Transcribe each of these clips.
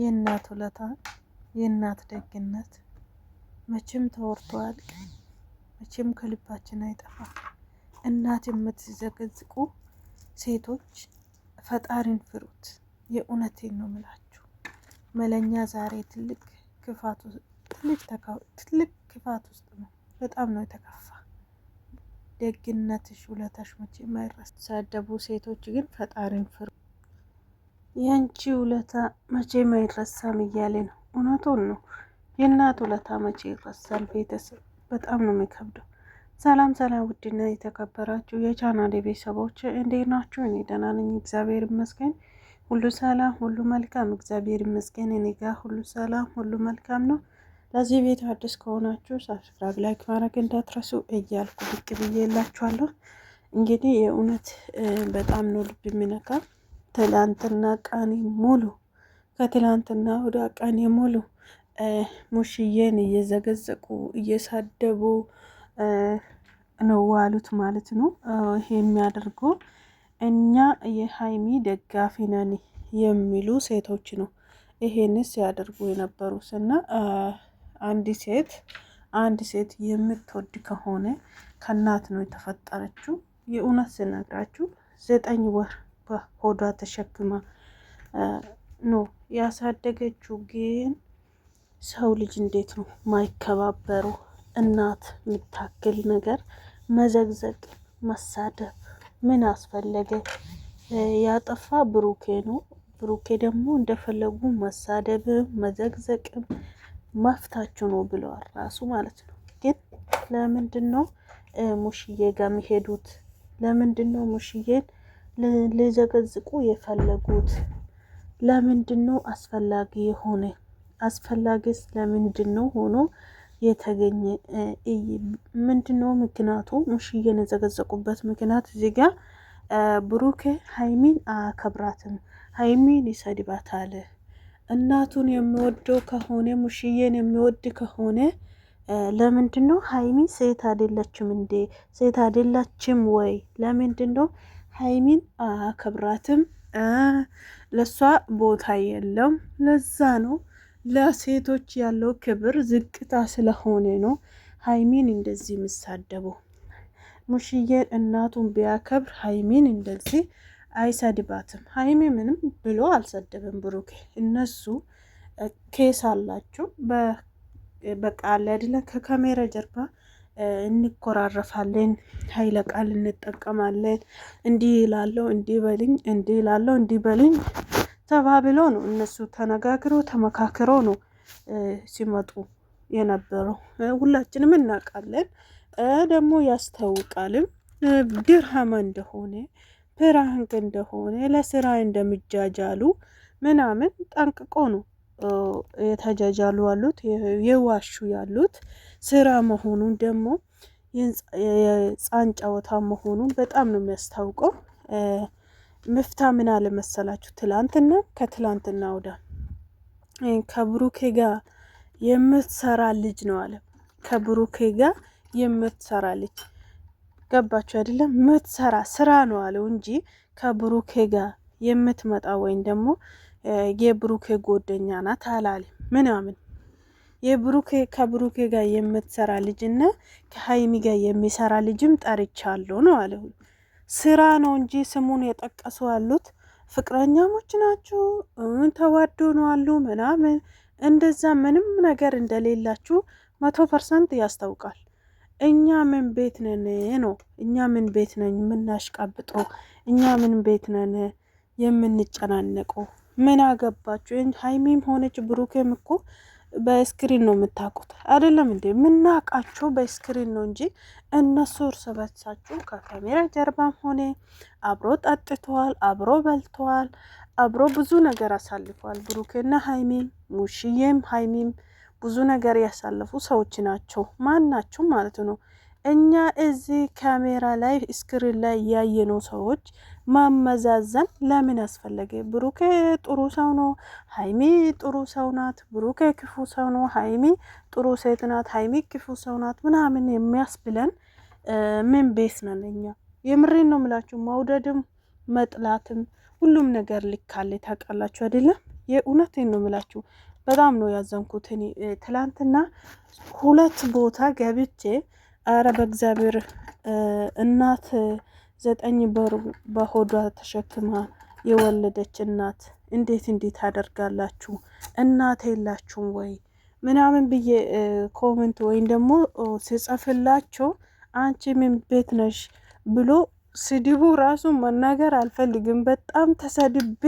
የእናት ውለታ የእናት ደግነት መቼም ተወርቶ አያልቅም፣ መቼም ከልባችን አይጠፋ። እናት የምትዘገዝቁ ሴቶች ፈጣሪን ፍሩት። የእውነቴን ነው ምላችሁ። መለኛ ዛሬ ትልቅ ክፋት ውስጥ ነው። በጣም ነው የተከፋ። ደግነትሽ ውለታሽ መቼም አይረሳ። ሳደቡ ሴቶች ግን ፈጣሪን ፍሩት። ያንቺ ውለታ መቼ አይረሳም እያለ ነው። እውነቱን ነው። የእናት ውለታ መቼ ይረሳል? ቤተሰብ በጣም ነው የሚከብደው። ሰላም ሰላም፣ ውድና የተከበራችሁ የቻናል ቤተሰቦች እንዴት ናችሁ? እኔ ደህና ነኝ፣ እግዚአብሔር ይመስገን። ሁሉ ሰላም፣ ሁሉ መልካም፣ እግዚአብሔር ይመስገን። እኔ ጋር ሁሉ ሰላም፣ ሁሉ መልካም ነው። ለዚህ ቤት አዲስ ከሆናችሁ ሳብስክራይብ፣ ላይክ ማድረግ እንዳትረሱ እያልኩ ብቅ ብዬላችኋለሁ። እንግዲህ የእውነት በጣም ነው ልብ የሚነካ ትላንትና ቀኔ ሙሉ ከትላንትና ወደ ቀኔ ሙሉ ሙሽዬን እየዘገዘቁ እየሳደቡ ነው ዋሉት ማለት ነው። ይሄ የሚያደርጉ እኛ የሀይሚ ደጋፊ ነን የሚሉ ሴቶች ነው ይሄንስ ሲያደርጉ የነበሩት እና አንድ ሴት አንድ ሴት የምትወድ ከሆነ ከእናት ነው የተፈጠረችው። የእውነት ስነግራችሁ ዘጠኝ ወር በሆዷ ተሸክማ ነው ያሳደገችው። ግን ሰው ልጅ እንዴት ነው ማይከባበሩ? እናት የምታክል ነገር መዘግዘቅ፣ መሳደብ ምን አስፈለገ? ያጠፋ ብሩኬ ነው። ብሩኬ ደግሞ እንደፈለጉ መሳደብም መዘግዘቅም መፍታችሁ ነው ብለዋል ራሱ ማለት ነው። ግን ለምንድን ነው ሙሽዬ ጋር የሚሄዱት? ለምንድን ነው ሙሽዬን ሊዘቀዝቁ የፈለጉት? ለምንድን ነው አስፈላጊ የሆነ አስፈላጊስ ለምንድን ነው ሆኖ የተገኘ? ምንድን ነው ምክንያቱ? ሙሽዬን የዘቀዘቁበት ምክንያት እዚህ ጋ ብሩኬ ሀይሚን አከብራትም፣ ሀይሚን ይሰድባታል። እናቱን የሚወደው ከሆነ ሙሽዬን የሚወድ ከሆነ ለምንድን ነው ሀይሚ ሴት አይደለችም እንዴ? ሴት አይደለችም ወይ? ለምንድን ነው ሀይሚን አያከብራትም፣ ለእሷ ቦታ የለም ለዛ ነው ለሴቶች ያለው ክብር ዝቅታ ስለሆነ ነው ሀይሚን እንደዚህ የምሳደቡ። ሙሽዬን እናቱን ቢያከብር ሀይሚን እንደዚህ አይሰድባትም። ሀይሚ ምንም ብሎ አልሰደብም ብሩኬ። እነሱ ኬስ አላቸው በቃ አይደለ ከካሜራ ጀርባ እንኮራረፋለን፣ ኃይለ ቃል እንጠቀማለን። እንዲህ ይላለው፣ እንዲህ በልኝ፣ እንዲህ ይላለው፣ እንዲህ በልኝ ተባብሎ ነው እነሱ ተነጋግሮ ተመካክሮ ነው ሲመጡ የነበረው። ሁላችንም እናውቃለን፣ ደግሞ ያስታውቃልም ድርሃማ እንደሆነ ፕራንክ እንደሆነ ለስራ እንደሚጃጃሉ ምናምን ጠንቅቆ ነው የተጃጃሉ አሉት የዋሹ ያሉት ስራ መሆኑን ደግሞ የህፃን ጨዋታ መሆኑን በጣም ነው የሚያስታውቀው። ምፍታ ምን አለ መሰላችሁ? ትላንትና ከትላንትና ወዳ ከብሩኬ ጋር የምትሰራ ልጅ ነው አለ። ከብሩኬ ጋር የምትሰራ ልጅ ገባችሁ አይደለም? ምትሰራ ስራ ነው አለው እንጂ ከብሩኬ ጋር የምትመጣ ወይም ደግሞ የብሩኬ ጎደኛ ናት አላለ ምናምን የብሩኬ ከብሩኬ ጋር የምትሰራ ልጅና ከሀይሚ ጋር የሚሰራ ልጅም ጠርቻለሁ ነው አለ። ስራ ነው እንጂ ስሙን የጠቀሱ ያሉት ፍቅረኛሞች ናችሁ ተዋዶ ነው አሉ ምናምን እንደዛ ምንም ነገር እንደሌላችሁ መቶ ፐርሰንት ያስታውቃል። እኛ ምን ቤት ነን ነው እኛ ምን ቤት ነን የምናሽቃብጠው? እኛ ምን ቤት ነን የምንጨናነቀው ምን አገባችሁ? ሀይሚም ሆነች ብሩኬም እኮ በስክሪን ነው የምታውቁት አይደለም እንዴ? የምናውቃቸው በስክሪን ነው እንጂ እነሱ እርስ በርሳቸው ከካሜራ ጀርባም ሆነ አብሮ ጠጥተዋል፣ አብሮ በልተዋል፣ አብሮ ብዙ ነገር አሳልፈዋል። ብሩኬና ሀይሚም ሙሽዬም ሀይሚም ብዙ ነገር ያሳለፉ ሰዎች ናቸው። ማን ናቸው ማለት ነው። እኛ እዚህ ካሜራ ላይ ስክሪን ላይ ያየነው ሰዎች ማመዛዘን ለምን አስፈለገ? ብሩኬ ጥሩ ሰው ነው፣ ሀይሚ ጥሩ ሰው ናት። ብሩኬ ክፉ ሰው ነው፣ ሀይሚ ጥሩ ሴት ናት። ሀይሚ ክፉ ሰው ናት ምናምን የሚያስብለን ምን ቤት ነን እኛ? የምሬን ነው ምላችሁ። መውደድም መጥላትም ሁሉም ነገር ልካለ ታውቃላችሁ አይደለም? የእውነቴን ነው ምላችሁ። በጣም ነው ያዘንኩት እኔ ትላንትና ሁለት ቦታ ገብቼ አረ በእግዚአብሔር እናት ዘጠኝ በሩ በሆዷ ተሸክማ የወለደች እናት እንዴት እንዴት አደርጋላችሁ እናት የላችሁም ወይ ምናምን ብዬ ኮመንት ወይም ደግሞ ስጸፍላቸው አንቺ ምን ቤት ነሽ ብሎ ስድቡ ራሱ መናገር አልፈልግም። በጣም ተሰድቤ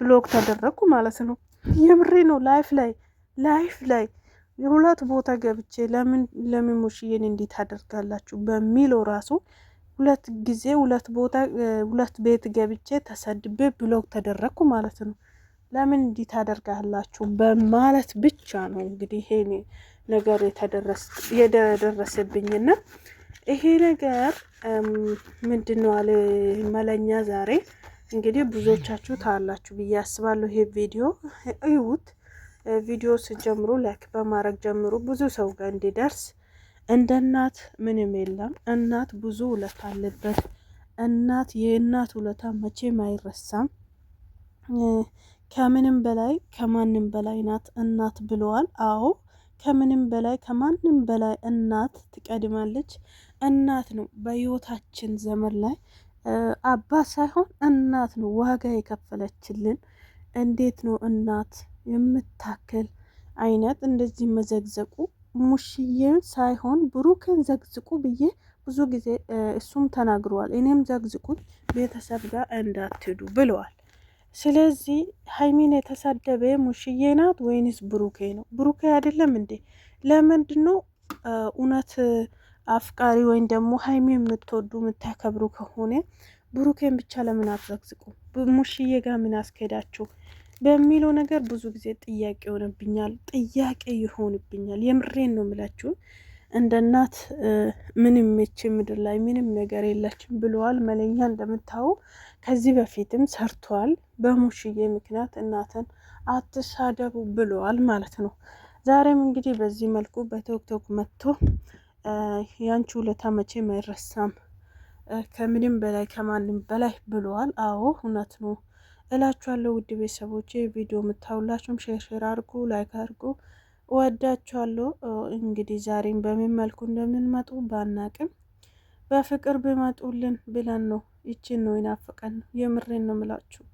ብሎክ ተደረግኩ ማለት ነው። የምሬ ነው። ላይፍ ላይ ላይፍ ላይ የሁለት ቦታ ገብቼ ለምን ለምን ሙሽዬን እንዴት አደርጋላችሁ በሚለው ራሱ ሁለት ጊዜ ሁለት ቦታ ሁለት ቤት ገብቼ ተሰድቤ ብሎክ ተደረግኩ ማለት ነው። ለምን እንዲህ ታደርጋላችሁ በማለት ብቻ ነው እንግዲህ ይሄ ነገር የደረሰብኝና ይሄ ነገር ምንድን ነው አለ መለኛ ዛሬ እንግዲህ ብዙዎቻችሁ ታላችሁ ብዬ አስባለሁ። ይሄ ቪዲዮ እዩት። ቪዲዮ ስጀምሩ ላይክ በማድረግ ጀምሩ፣ ብዙ ሰው ጋር እንዲደርስ። እንደ እናት ምንም የለም። እናት ብዙ ውለታ አለበት። እናት የእናት ውለታ መቼም አይረሳም። ከምንም በላይ ከማንም በላይ ናት እናት ብለዋል። አዎ ከምንም በላይ ከማንም በላይ እናት ትቀድማለች። እናት ነው በህይወታችን ዘመን ላይ አባት ሳይሆን እናት ነው ዋጋ የከፈለችልን። እንዴት ነው እናት የምታክል አይነት እንደዚህ መዘግዘቁ ሙሽዬን ሳይሆን ብሩክን ዘግዝቁ ብዬ ብዙ ጊዜ እሱም ተናግረዋል። እኔም ዘግዝቁኝ ቤተሰብ ጋር እንዳትሄዱ ብለዋል። ስለዚህ ሀይሚን የተሳደበ ሙሽዬ ናት ወይንስ ብሩኬ ነው? ብሩኬ አይደለም እንዴ? ለምንድን ነው እውነት አፍቃሪ ወይም ደግሞ ሀይሚ የምትወዱ የምታከብሩ ከሆነ ብሩኬን ብቻ ለምን አትዘግዝቁ? ሙሽዬ ጋር ምን አስኬዳችሁ? በሚለው ነገር ብዙ ጊዜ ጥያቄ ይሆንብኛል፣ ጥያቄ ይሆንብኛል። የምሬን ነው የምላችሁ። እንደ እናት ምንም ይች ምድር ላይ ምንም ነገር የላችም ብለዋል መለኛ። እንደምታው ከዚህ በፊትም ሰርቷል። በሙሽዬ ምክንያት እናትን አትሳደቡ ብለዋል ማለት ነው። ዛሬም እንግዲህ በዚህ መልኩ በቶክቶክ መጥቶ ያንቺ ውለታ መቼም አይረሳም ከምንም በላይ ከማንም በላይ ብለዋል። አዎ እውነት ነው። እላችኋለሁ። ውድ ቤተሰቦቼ ቪዲዮ የምታውላችሁም ሼር ሼር አድርጉ፣ ላይክ አድርጉ። እወዳችኋለሁ። እንግዲህ ዛሬም በምን መልኩ እንደምንመጡ ባናቅም በፍቅር ብመጡልን ብለን ነው። ይችን ነው ይናፍቀን። የምሬን ነው ምላችሁ